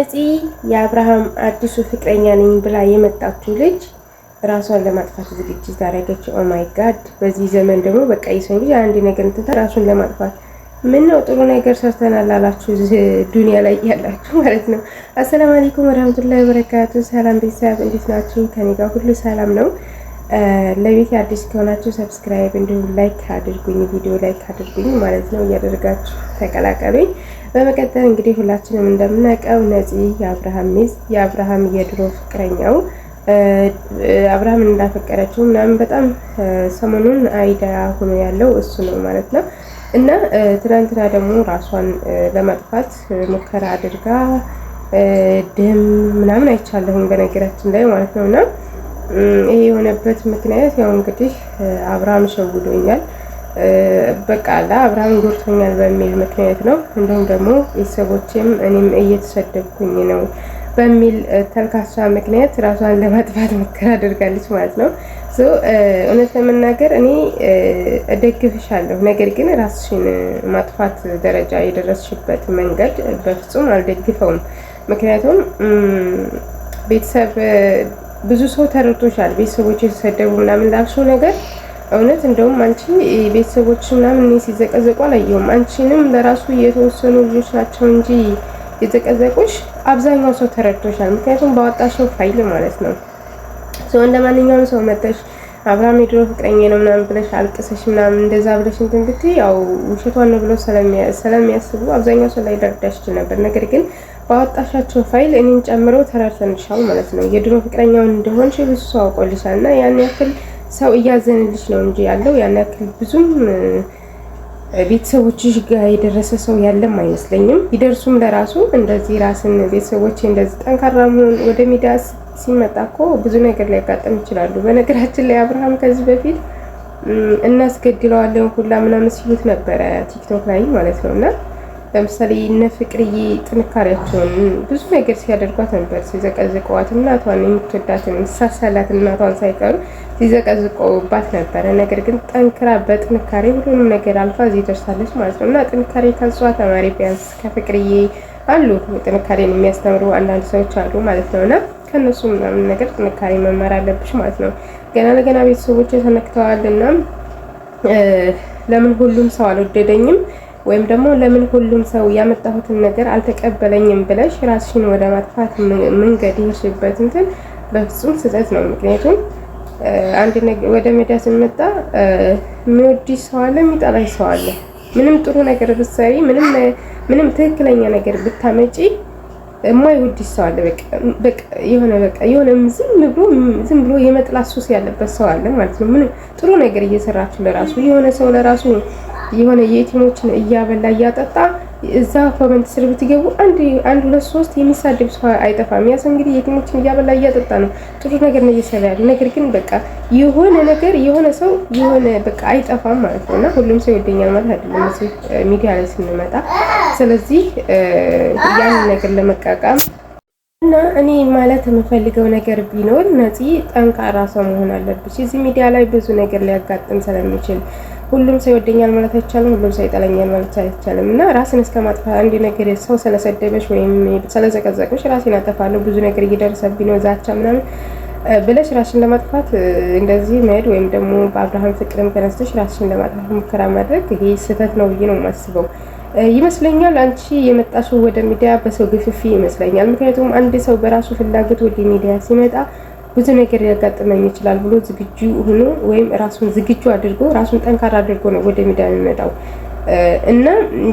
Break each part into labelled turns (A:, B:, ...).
A: እፂ የአብርሃም አዲሱ ፍቅረኛ ነኝ ብላ የመጣችው ልጅ ራሷን ለማጥፋት ዝግጅት አደረገች። ማይ ጋድ! በዚህ ዘመን ደግሞ በቃ የሰው ልጅ አንድ ነገር እንትታ ራሱን ለማጥፋት ምን ነው ጥሩ ነገር ሰርተናል አላችሁ ዱኒያ ላይ ያላችሁ ማለት ነው። አሰላም አለይኩም ወራህመቱላሂ ወበረካቱ። ሰላም ቤተሰብ እንዴት ናችሁ? ከኔ ጋር ሁሉ ሰላም ነው። ለቤት አዲስ ከሆናችሁ ሰብስክራይብ እንዲሁም ላይክ አድርጉኝ፣ ቪዲዮ ላይክ አድርጉኝ ማለት ነው። እያደረጋችሁ ተቀላቀሉኝ። በመቀጠል እንግዲህ ሁላችንም እንደምናውቀው ነፂ የአብርሃም ሚስት የአብርሃም የድሮ ፍቅረኛው አብርሃምን እንዳፈቀረችው ምናምን በጣም ሰሞኑን አይዳ ሆኖ ያለው እሱ ነው ማለት ነው። እና ትናንትና ደግሞ ራሷን ለማጥፋት ሙከራ አድርጋ ደም ምናምን አይቻለሁም በነገራችን ላይ ማለት ነው። እና ይሄ የሆነበት ምክንያት ያው እንግዲህ አብርሃም ሸውዶኛል በቃ ለአብርሃም ጎርቶኛል በሚል ምክንያት ነው። እንዲሁም ደግሞ ቤተሰቦቼም እኔም እየተሰደብኩኝ ነው በሚል ተልካሷ ምክንያት ራሷን ለማጥፋት ሙከራ አድርጋለች ማለት ነው። እውነት ለመናገር እኔ እደግፍሻለሁ፣ ነገር ግን ራስሽን ማጥፋት ደረጃ የደረስሽበት መንገድ በፍጹም አልደግፈውም። ምክንያቱም ቤተሰብ ብዙ ሰው ተረድቶሻል። ቤተሰቦች የተሰደቡ ምናምን ላብሶ ነገር እውነት እንደውም አንቺ ቤተሰቦች ምናምን እኔ ሲዘቀዘቁ አላየሁም። አንቺንም ለራሱ የተወሰኑ ልጆች ናቸው እንጂ የዘቀዘቁሽ አብዛኛው ሰው ተረድቶሻል። ምክንያቱም ባወጣሽው ፋይል ማለት ነው። ሰው እንደ ማንኛውም ሰው መተሽ አብርሃም የድሮ ፍቅረኛ ነው ምናምን ብለሽ አልቅሰሽ ምናምን እንደዛ ብለሽ እንትን ብትይ ያው ውሸቷን ነው ብሎ ስለሚያስቡ አብዛኛው ሰው ላይ ደርዳሽ ነበር። ነገር ግን ባወጣሻቸው ፋይል እኔን ጨምሮ ተረድተንሻል ማለት ነው። የድሮ ፍቅረኛውን እንደሆንሽ እሱ አውቆልሻል እና ያን ያክል ሰው እያዘንልሽ ነው እንጂ ያለው ያን ያክል ብዙም ቤተሰቦችሽ ጋር የደረሰ ሰው ያለም አይመስለኝም። ቢደርሱም ለራሱ እንደዚህ ራስን ቤተሰቦች እንደዚህ ጠንካራ መሆን ወደ ሚዲያ ሲመጣ እኮ ብዙ ነገር ሊያጋጥም ይችላሉ። በነገራችን ላይ አብርሃም ከዚህ በፊት እናስገድለዋለን ሁላ ምናምን ሲሉት ነበረ ቲክቶክ ላይ ማለት ነው እና ለምሳሌ እነ ፍቅርዬ ጥንካሬያቸውን ብዙ ነገር ሲያደርጓት ነበር። ሲዘቀዝቀዋት እናቷን የምትወዳትን ሳሳላት እናቷን ሳይቀሩ ሲዘቀዝቀውባት ነበረ። ነገር ግን ጠንክራ በጥንካሬ ሁሉንም ነገር አልፋ እዚህ ደርሳለች ማለት ነው እና ጥንካሬ ከእሷ ተማሪ ቢያንስ ከፍቅርዬ አሉ ጥንካሬን የሚያስተምሩ አንዳንድ ሰዎች አሉ ማለት ነው እና ከእነሱ ምናምን ነገር ጥንካሬ መማር አለብሽ ማለት ነው። ገና ለገና ቤተሰቦች ተነክተዋል እና ለምን ሁሉም ሰው አልወደደኝም ወይም ደግሞ ለምን ሁሉም ሰው ያመጣሁትን ነገር አልተቀበለኝም ብለሽ ራስሽን ወደ ማጥፋት መንገድ ይሄድሽበት እንትን በፍጹም ስህተት ነው። ምክንያቱም አንድ ነገር ወደ ሜዳ ስንመጣ የሚወድሽ ሰው አለ፣ የሚጠላሽ ሰው አለ። ምንም ጥሩ ነገር ብትሰሪ፣ ምንም ትክክለኛ ነገር ብታመጪ የማይወድ ሰው አለ። የሆነ በቃ የሆነ ዝም ብሎ ዝም ብሎ የመጥላት ሱስ ያለበት ሰው አለ ማለት ነው። ምንም ጥሩ ነገር እየሰራችሁ ለራሱ የሆነ ሰው ለራሱ የሆነ የቲሞችን እያበላ እያጠጣ እዛ ኮመንት ስር ብትገቡ አንድ አንድ ሁለት ሶስት የሚሳደብ ሰው አይጠፋም። ያ እንግዲህ የቲሞችን እያበላ እያጠጣ ነው፣ ጥሩ ነገር ነው እየሰራ ያለ። ነገር ግን በቃ የሆነ ነገር የሆነ ሰው የሆነ በቃ አይጠፋም ማለት ነው። እና ሁሉም ሰው ይወደኛል ማለት አይደለም። ሚዲያ ላይ ስንመጣ ስለዚህ ያን ነገር ለመቃቃም እና እኔ ማለት የምፈልገው ነገር ቢኖር ነፂ ጠንካራ ሰው መሆን አለብሽ። እዚህ ሚዲያ ላይ ብዙ ነገር ሊያጋጥም ስለሚችል ሁሉም ሰው ይወደኛል ማለት አይቻልም፣ ሁሉም ሰው ይጠለኛል ማለት አይቻልም። እና ራስን እስከ ማጥፋት አንድ ነገር ሰው ስለሰደበሽ ወይም ስለዘቀዘቀሽ ራሴን አጠፋለሁ ብዙ ነገር እየደረሰብኝ ነው ዛቻ ምናምን ብለሽ ራስሽን ለማጥፋት እንደዚህ መሄድ ወይም ደግሞ በአብርሃም ፍቅርም ተነስተሽ ራስሽን ለማጥፋት ሙከራ ማድረግ ይሄ ስህተት ነው ብዬ ነው የማስበው። ይመስለኛል አንቺ የመጣሽው ወደ ሚዲያ በሰው ግፍፊ ይመስለኛል። ምክንያቱም አንድ ሰው በራሱ ፍላጎት ወደ ሚዲያ ሲመጣ ብዙ ነገር ሊያጋጥመኝ ይችላል ብሎ ዝግጁ ሆኖ ወይም ራሱን ዝግጁ አድርጎ ራሱን ጠንካራ አድርጎ ነው ወደ ሚዲያ የሚመጣው። እና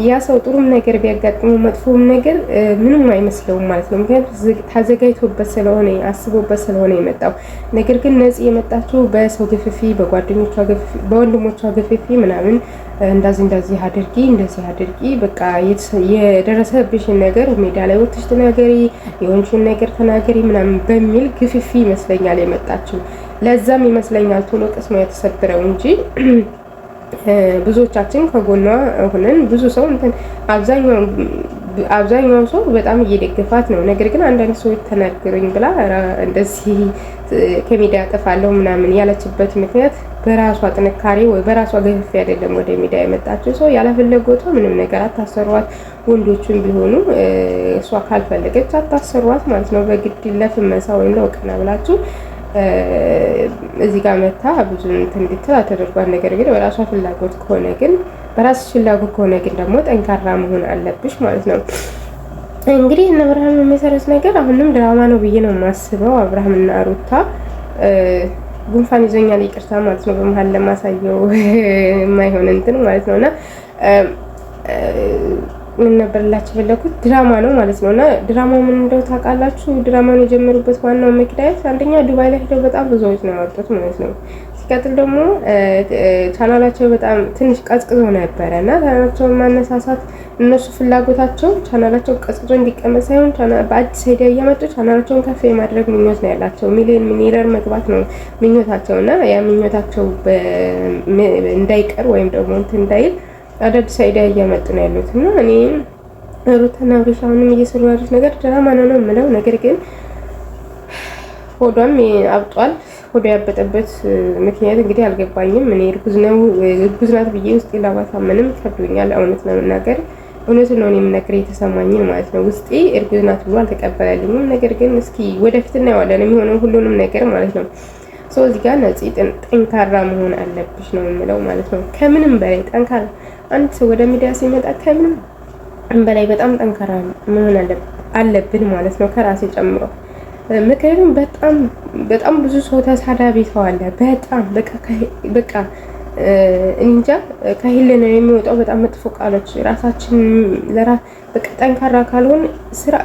A: ያ ሰው ጥሩም ነገር ቢያጋጥመው መጥፎም ነገር ምንም አይመስለውም ማለት ነው። ምክንያቱም ተዘጋጅቶበት ስለሆነ አስቦበት ስለሆነ የመጣው ነገር ግን ነፂ የመጣችው በሰው ግፍፊ፣ በጓደኞቿ ግፍፊ፣ በወንድሞቿ ግፍፊ ምናምን እንደዚህ እንደዚህ አድርጊ እንደዚህ አድርጊ በቃ የደረሰብሽን ነገር ሜዳ ላይ ወጥሽ ተናገሪ፣ የሆንሽን ነገር ተናገሪ ምናምን በሚል ግፍፊ ይመስለኛል የመጣችው። ለዛም ይመስለኛል ቶሎ ቅስማ የተሰበረው እንጂ ብዙዎቻችን ከጎኗ ሆነን ብዙ ሰው እንትን አብዛኛው ሰው በጣም እየደገፋት ነው። ነገር ግን አንዳንድ ሰዎች ተናገሩኝ ብላ እንደዚህ ከሚዲያ ጠፋለሁ ምናምን ያለችበት ምክንያት በራሷ ጥንካሬ ወይ በራሷ ገፍፍ አይደለም ወደ ሚዲያ የመጣችው። ሰው ያለፈለጎቷ ምንም ነገር አታሰሯት። ወንዶቹም ቢሆኑ እሷ ካልፈለገች አታሰሯት ማለት ነው። በግድ ለፍመሳ ወይም ለውቀና ብላችሁ እዚህ ጋር መታ ብዙ እንድትል አተደርጓል። ነገር ግን በራሷ ፍላጎት ከሆነ ግን በራስ ፍላጎት ከሆነ ግን ደግሞ ጠንካራ መሆን አለብሽ ማለት ነው። እንግዲህ እነ አብርሃም የሚሰሩት ነገር አሁንም ድራማ ነው ብዬ ነው የማስበው። እና ሩታ ጉንፋን ይዞኛል ይቅርታ ማለት ነው በመሀል ለማሳየው የማይሆን እንትን ማለት ነው እና ምን ነበር የፈለኩት ድራማ ነው ማለት ነው። እና ድራማው ምን እንደው ታውቃላችሁ፣ ድራማውን የጀመሩበት ዋናው ምክንያት አንደኛ ዱባይ ላይ ሄደው በጣም ብዙዎች ነው ያወጡት ማለት ነው። ሲቀጥል ደግሞ ቻናላቸው በጣም ትንሽ ቀዝቅዞ ነበረ እና ቻናላቸውን ማነሳሳት እነሱ ፍላጎታቸው ቻናላቸው ቀዝቅዞ እንዲቀመጥ ሳይሆን በአዲስ አይዲያ እያመጡ ቻናላቸውን ከፍ የማድረግ ምኞት ነው ያላቸው። ሚሊዮን ሚሊየር መግባት ነው ምኞታቸው እና ያ ምኞታቸው እንዳይቀር ወይም ደግሞ እንትን እንዳይል አዳዲስ አይዲያ እያመጡ ነው ያሉት እና እኔ ሩታና አብርሽ አሁንም እየሰሩ ያሉት ነገር ድራማ ነው ነው የምለው። ነገር ግን ሆዷም አብጧል። ሆዶ ያበጠበት ምክንያት እንግዲህ አልገባኝም። እኔ እርጉዝ ነው እርጉዝ ናት ብዬ ውስጤ ላማሳመንም ከብዶኛል። እውነት ለመናገር እውነቱን ነው የምነግር የተሰማኝ ማለት ነው። ውስጤ እርጉዝ ናት ብሎ አልተቀበላልኝም። ነገር ግን እስኪ ወደፊት እናየዋለን የሚሆነው ሁሉንም ነገር ማለት ነው። ሰው እዚህ ጋር ነፂ ጠንካራ መሆን አለብሽ ነው የምለው ማለት ነው። ከምንም በላይ ጠንካራ አንድ ሰው ወደ ሚዲያ ሲመጣ ከምንም በላይ በጣም ጠንካራ መሆን አለብን ማለት ነው፣ ከራሴ ጨምሮ። ምክንያቱም በጣም በጣም ብዙ ሰው ተሳዳቢ ሰው አለ። በጣም በቃ እንጃ ነው የሚወጣው በጣም መጥፎ ቃሎች ራሳችን በቃ ጠንካራ ካልሆን ስራ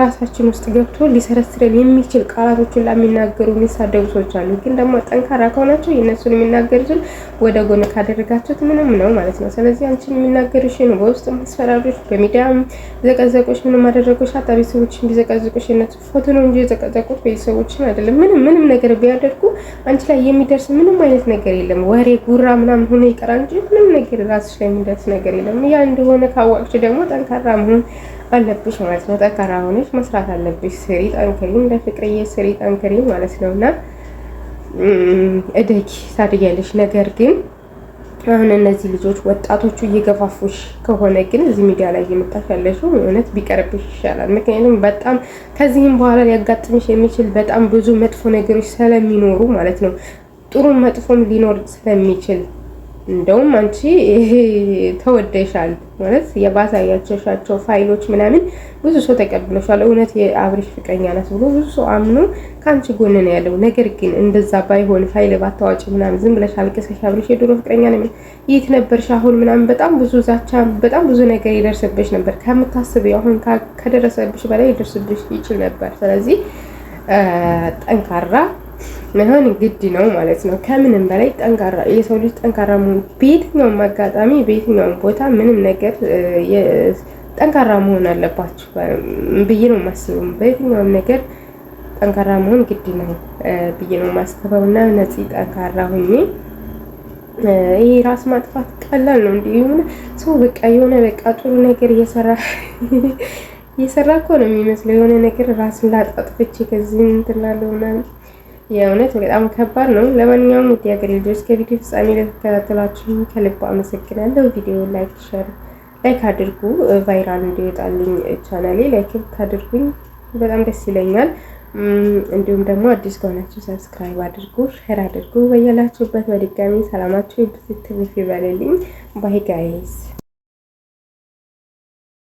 A: ራሳችን ውስጥ ገብቶ ሊሰረስረን የሚችል ቃላቶችን ለሚናገሩ የሚሳደቡ ሰዎች አሉ። ግን ደግሞ ጠንካራ ከሆናቸው የእነሱን የሚናገሩትን ወደ ጎን ካደረጋችሁት ምንም ነው ማለት ነው። ስለዚህ አንቺን የሚናገሩሽን በውስጥ ማስፈራሪዎች፣ በሚዲያ ዘቀዘቆች፣ ምንም አደረጎች አጣ ቤተሰቦች ቢዘቀዝቁሽ የነሱ ፎቶ ነው እንጂ የዘቀዘቁት ቤተሰቦችን አይደለም። ምንም ምንም ነገር ቢያደርጉ አንቺ ላይ የሚደርስ ምንም አይነት ነገር የለም። ወሬ ጉራ ምናምን ሆነ ይቀራል እንጂ ምንም ነገር ራስሽ ላይ የሚደርስ ነገር የለም። ያ እንደሆነ ካዋቅች ደግሞ ጠንካራ መሆን መሆን አለብሽ ማለት ነው። ጠንካራ ሆነሽ መስራት አለብሽ። ስሪ ጠንክሪ፣ እንደ ፍቅርዬ ስሪ ጠንክሪ ማለት ነው እና እደጊ ታድጊያለሽ። ነገር ግን አሁን እነዚህ ልጆች ወጣቶቹ እየገፋፉሽ ከሆነ ግን እዚህ ሚዲያ ላይ እየመጣሽ ያለሽው እውነት ቢቀርብሽ ይሻላል። ምክንያቱም በጣም ከዚህም በኋላ ሊያጋጥምሽ የሚችል በጣም ብዙ መጥፎ ነገሮች ስለሚኖሩ ማለት ነው ጥሩ መጥፎም ሊኖር ስለሚችል እንደውም አንቺ ተወደሻል ማለት የባሳያቸሻቸው ፋይሎች ምናምን ብዙ ሰው ተቀብሎሻል፣ እውነት የአብሪሽ ፍቅረኛ ናት ብሎ ብዙ ሰው አምኖ ከአንቺ ጎን ነው ያለው። ነገር ግን እንደዛ ባይሆን ፋይል ባታዋጭ ምናምን ዝም ብለሽ አልቀሰሽ አብሪሽ የድሮ ፍቅረኛ ነው የት ነበርሽ አሁን ምናምን በጣም ብዙ ዛቻ፣ በጣም ብዙ ነገር ይደርስብሽ ነበር። ከምታስቢው አሁን ከደረሰብሽ በላይ ይደርስብሽ ይችል ነበር። ስለዚህ ጠንካራ መሆን ግድ ነው ማለት ነው። ከምንም በላይ ጠንካራ የሰው ልጅ ጠንካራ መሆን በየትኛውም አጋጣሚ በየትኛውም ቦታ ምንም ነገር ጠንካራ መሆን አለባችሁ ብዬ ነው የማስበው። በየትኛውም ነገር ጠንካራ መሆን ግድ ነው ብዬ ነው የማስበው እና ነፂ ጠንካራ ሁኚ። ይሄ ራስ ማጥፋት ቀላል ነው። እንዲህ የሆነ ሰው በቃ የሆነ በቃ ጥሩ ነገር እየሰራ እየሰራ እኮ ነው የሚመስለው የሆነ ነገር ራስን ላጣጥፍቼ ከዚህ እንትን እላለሁ ምናምን የእውነት በጣም ከባድ ነው። ለማንኛውም ውድ የሀገሬ ልጆች ከቪዲዮ ፍጻሜ ለተከታተላችሁ ከልብ አመሰግናለሁ። ቪዲዮ ላይክ፣ ሸር፣ ላይክ አድርጉ። ቫይራል እንዲወጣልኝ ቻናሌ ላይክ ካድርጉኝ በጣም ደስ ይለኛል። እንዲሁም ደግሞ አዲስ ከሆናችሁ ሰብስክራይብ አድርጉ፣ ሼር አድርጉ። በያላችሁበት በድጋሚ ሰላማችሁ ብትትሪፍ ይበልልኝ። ባይ ጋይዝ